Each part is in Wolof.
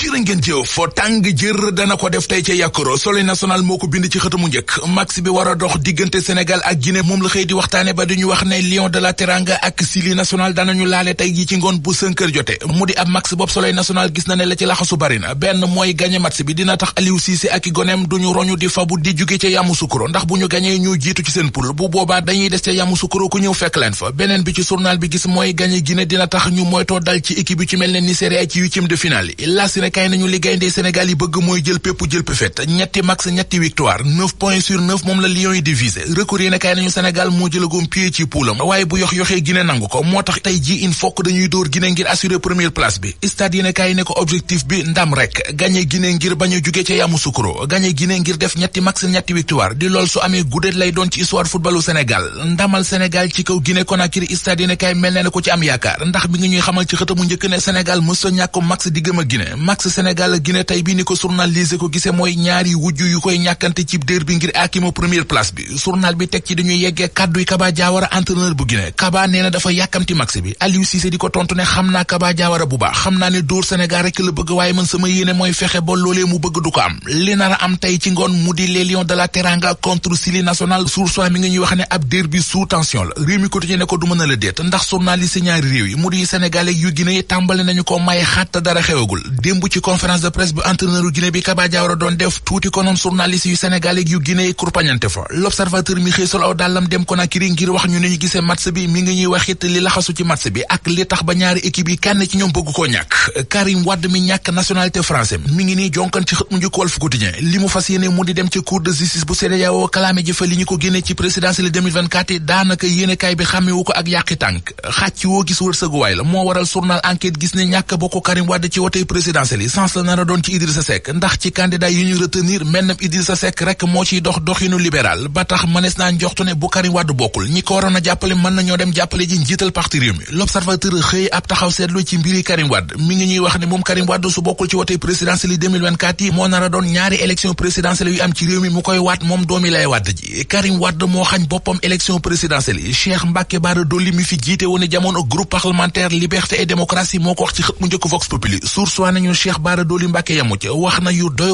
jërë ngeen jëf tàng jër dana ko def tey ca yàkkoro soleil national moo ko bind ci xëtamu njëkk max bi war a dox diggante Sénégal ak Guinée moom la xëy di waxtaane ba duñu wax ne lion de la Teranga ak sili national danañu laale tey ji ci ngoon bu sënkër jote mu di ab max bopp soleil national gis na ne la ci laxasu bari na benn mooy gañe match bi dina tax Aliou ak i goneem duñu roñu di fabu di jóge ca Yamoussoukro ndax bu ñu gañee ñu jiitu ci bu boobaa dañuy des ca Yamoussoukro bi ci journal bi gis mooy gañe Guinée mel ne Nigéria ci huitième yéenekaay nañu li gaynde Sénégal yi bëgg mooy jël pépp jël péfét ñetti max ñetti victoire neuf points sur neuf moom la Lions yi divisé moo jëlagoom pied ci poulam ko moo tax tey ji in fokk dañuy dóor Guinée ngir assurer première place bi stade yéenekaay ne ko objectif bi ndam rek gagné Guinée ngir bañ a jugee ca Yamoussoukro gagné Guinée ngir def ñetti max ñetti victoire di lool su amee ci histoire footballu Sénégal ndamal Sénégal ci kaw Guinée Conakry stade ne ko ci am yaakaar ndax mi ngi ñuy xamal ci xëtamu njëkk ne Sénégal mës a ñàkk max diggëm a match Sénégal ak Guinée tey bi ni ko journal lise ko gisee mooy ñaari wujj yu koy ñàkkante ci dér bi ngir akimu première place bi journal bi teg ci dañuy yeggee kàdduy Kaba Diawara entraîneur bu Guinée Kaba nee na dafa yàkkamti match bi Aliou Cissé di ko tontu ne xam naa Kaba Diawara bu baax xam naa ne dóor Sénégal rek la bëgg waaye man sama yéene mooy fexe ba loolee mu bëgg du ko am li nar am tey ci ngoon mu di les lions de la Teranga contre Syli national soursoi mi nga ñuy wax ne ab derby sous tension la mi quotidien ne ko mën a la déet ndax journal yi si ñaari réew yi mu di Sénégal yu Guinée tàmbale nañu ko may xatta dara xewagul démb ci conférence de presse bu entraîneur Guinée bi Kaba doon def tuuti konoon journaliste yu Sénégal yu Guinée kurpañante fa l'observateur mi xëy sol dàllam dem Conakry ngir wax ñu ne ñu gisee match bi mi ngi ñuy wax it li laxasu ci match bi ak li tax ba ñaari équipe yi kenn ci ñoom bëgg koo ñàkk Karim Wade mi ñàkk nationalité français mi ngi nii jonkan ci xët mu njëkk Walf Quotidien li mu fas yéene mu di dem ci cour de justice bu CEDEAO kalaame moo waral journal enquête gis ne ñàkk bokk Karim Wade yi sens la nar doon ci Idrissa Seck ndax ci candidat yi ñu retenir mennam Idrissa Seck rek moo ciy dox doxinu libéral ba tax mënees naa njoxtu ne bu Karim Wade bokkul ñi ko waroon a jàppale mën nañoo dem jàppale ji njiital parti réew mi l'observateur xëy ab taxaw seetlu ci mbiri Karim Wade mi ngi ñuy wax ne moom Karim Wade su bokkul ci wote présidentielle yi moo nar a doon ñaari élection présidentielle yu am ci réew mi mu koy waat moom doomi Cheikh Bara Dolly Mbacké yamu ca wax na a régler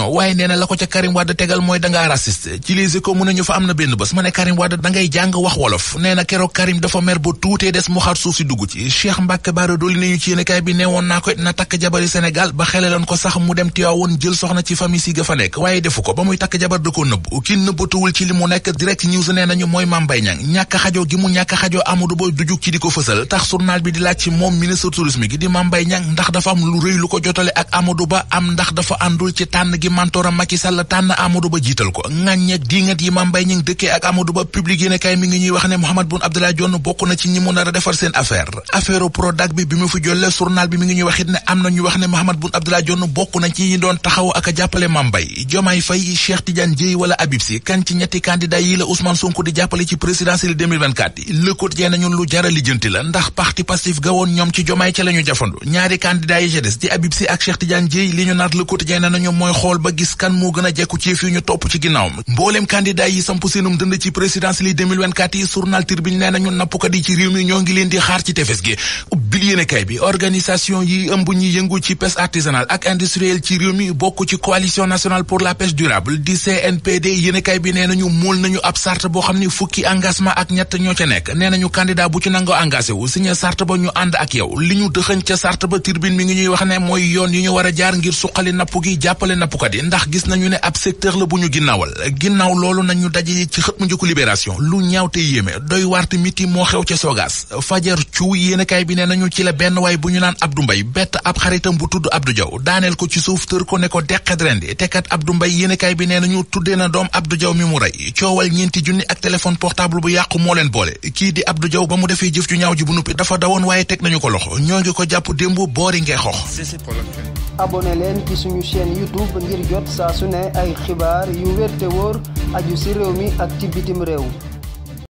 a waaye nee la ko ca Karim Wade tegal mooy dangaa raciste ci Les Échos fa am na benn bés ma ne Karim Wade dangay jàng wax wolof nee keroog Karim dafa mer ba tuutee des mu xar suuf si dugg ci Cheikh Mbacké Bara Dolly nañu ci yéenekaay bi neewoon naa ko na takk jabari Sénégal ba xelaloon ko sax mu dem Tiwaawoon jël soxna ci famille ga fa nekk waaye defu ko ba muy takk jabar da ko nëbb ci nëbbatuwul ci li mu nekk direct news nee nañu mooy Mame Mbaye Niang ñàkk xajoo gi mu ñàkk xajoo Amadou Boy du jug ci di ko fësal tax journal bi di laaj ci moom ministre tourisme gi di Mame Mbaye Niang ndax dafa am lu rëy lu ko jotale ak Amadou Ba am ndax dafa àndul ci tànn gi mantoora Macky Sall tànn Amadou Ba jiital ko ŋàññeeg diingat yi Mame Mbaye Niang ak Amadou Ba public yéene mi ngi ñuy wax ne Mahammed Boun Abdallah Dionne bokk na ci ñi mu a defar seen affaire affaire Prodac bi bi wax it ne am na ñu wax ne Mahammed Boun Abdallah Dionne bokk na ci ñi BIPSI kan ci ñetti candidat yi la Ousmane Sonko di jàppale ci présidentielle 2024 yi Le Quotidien lu jara lijjanti la ndax parti Pastef gawoon ñoom ci jomaay ca la jafandu ñaari candidat yi jedes di Habib Sy ak Cheikh Tidiane Dièye li naat Le Quotidien nañu mooy xool ba gis kan moo gën a jekku ci yëf yu ñu topp ci ginnaawam mbooleem candidat yi samp seenum dënd ci présidentielle 2024 yi journal Tribune nee nañu nappkat ci réew mi ñoo ngi leen di xaar yéenekaay bi nee nañu móol nañu ab sart boo xam ne fukki engagement ak ñett ñoo ca nekk nee nañu candidat bu ci nangoo engagé wu signé sart ba ñu ànd ak yow li ñu dëxëñ ca sart ba turbine mi ngi ñuy wax ne mooy yoon yi ñu war a jaar ngir suqali napp gi jàppale nappkat yi ndax gis nañu ne ab secteur la bu ñu ginnaawal ginnaaw loolu nañu daje ci xët mu njëkku libération lu ñaaw te yéeme doy warte miti moo xew ca Sogas fajar cu yéenekaay bi nee nañu ci la benn waay bu ñu naan Abdou Mbaye bett ab xaritam bu tudd Abdou Diaw daaneel ko ci suuf tër ko ne ko deqet rendi te kat Abdou Mbaye yéenekaay bi nee nañu tuddee na doom moom Abdou Diaw mi mu rey coowal ñeenti junni ak téléphone portable bu yàqu moo leen boole kii di Abdou Diaw ba mu defee jëf ju ñaaw ji bu nuppi dafa dawoon waaye teg nañu ko loxo ñoo ngi ko jàpp démb boori ngee xox abonné leen ci suñu chaîne youtube ngir jot saa su ne ay xibaar yu wér te wóor aju ci réew mi ak ci bitim réew